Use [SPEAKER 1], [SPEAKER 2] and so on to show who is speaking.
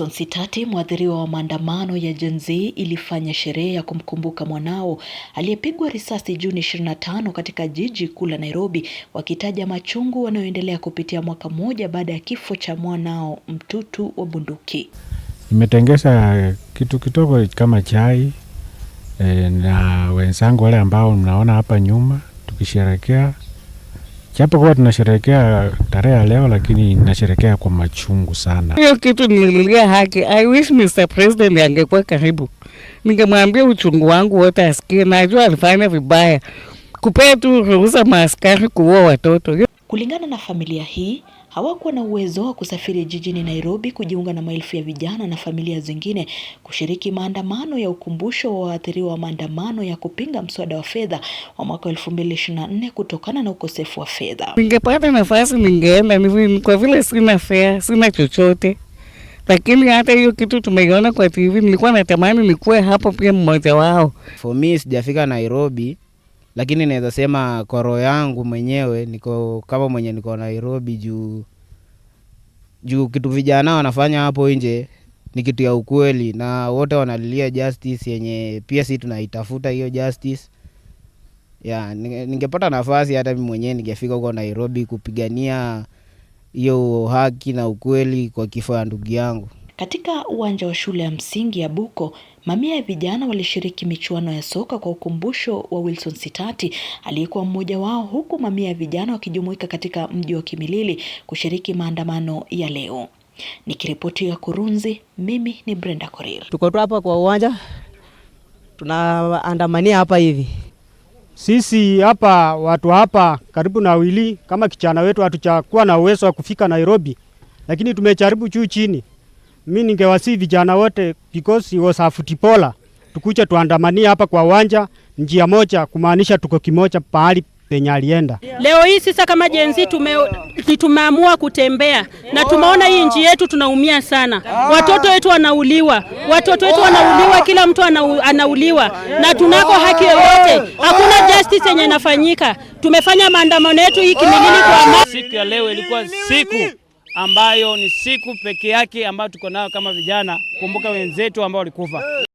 [SPEAKER 1] Nelson Sitati, mwathiriwa wa maandamano ya Gen Z, ilifanya sherehe ya kumkumbuka mwanao aliyepigwa risasi Juni 25 katika jiji kuu la Nairobi, wakitaja machungu wanayoendelea kupitia mwaka mmoja baada ya kifo cha mwanao mtutu wa bunduki.
[SPEAKER 2] Nimetengesha kitu kidogo kama chai e, na wenzangu wale ambao mnaona hapa nyuma tukisherekea japo kuwa tunasherekea tarehe ya leo, lakini nasherekea kwa machungu sana.
[SPEAKER 3] Hiyo kitu nililia haki. I wish Mr. President angekuwa karibu, ningemwambia uchungu wangu wote asikie. Najua alifanya vibaya, kupea tu ruhusa maaskari kuua watoto.
[SPEAKER 1] Kulingana na familia hii, hawakuwa na uwezo wa kusafiri jijini Nairobi kujiunga na maelfu ya vijana na familia zingine kushiriki maandamano ya ukumbusho wa waathiriwa wa maandamano ya kupinga mswada wa fedha wa mwaka 2024 kutokana na ukosefu wa fedha.
[SPEAKER 3] Ningepata nafasi ningeenda, kwa vile sina fea, sina chochote, lakini hata hiyo kitu tumeiona kwa TV, nilikuwa natamani nikuwe hapo pia mmoja wao.
[SPEAKER 4] For me sijafika Nairobi lakini naweza sema kwa roho yangu mwenyewe niko kama mwenye niko Nairobi juu juu kitu vijana wanafanya hapo nje ni kitu ya ukweli, na wote wanalilia justice yenye pia si tunaitafuta hiyo justice ya. Ningepata nafasi hata mi mwenyewe ningefika huko Nairobi kupigania hiyo haki na ukweli kwa kifo ya ndugu yangu.
[SPEAKER 1] Katika uwanja wa shule ya msingi ya Buko, mamia ya vijana walishiriki michuano ya soka kwa ukumbusho wa Wilson Sitati aliyekuwa mmoja wao, huku mamia ya vijana wakijumuika katika mji wa Kimilili kushiriki maandamano ya leo. Nikiripoti ya Kurunzi, mimi ni Brenda Korir.
[SPEAKER 5] Tuko tu hapa kwa uwanja tunaandamania hapa hivi
[SPEAKER 6] sisi hapa watu hapa karibu na wili kama kichana wetu hatuchakuwa na uwezo wa kufika Nairobi, lakini tumejaribu juu chini mi ningewasii vijana wote because he was a footballer, tukuja tuandamania hapa kwa uwanja njia moja, kumaanisha tuko kimoja pahali penye alienda.
[SPEAKER 7] Leo hii sasa kama jenzi tume, tumeamua kutembea na tumeona hii nchi yetu tunaumia sana, watoto wetu wanauliwa, watoto wetu wanauliwa, kila mtu anauliwa na tunako haki yoyote, hakuna justice yenye inafanyika. Tumefanya maandamano yetu hii kimilini kwa
[SPEAKER 8] siku ya leo ilikuwa siku ambayo ni siku peke yake ambayo tuko nayo kama vijana, kumbuka wenzetu ambao walikufa.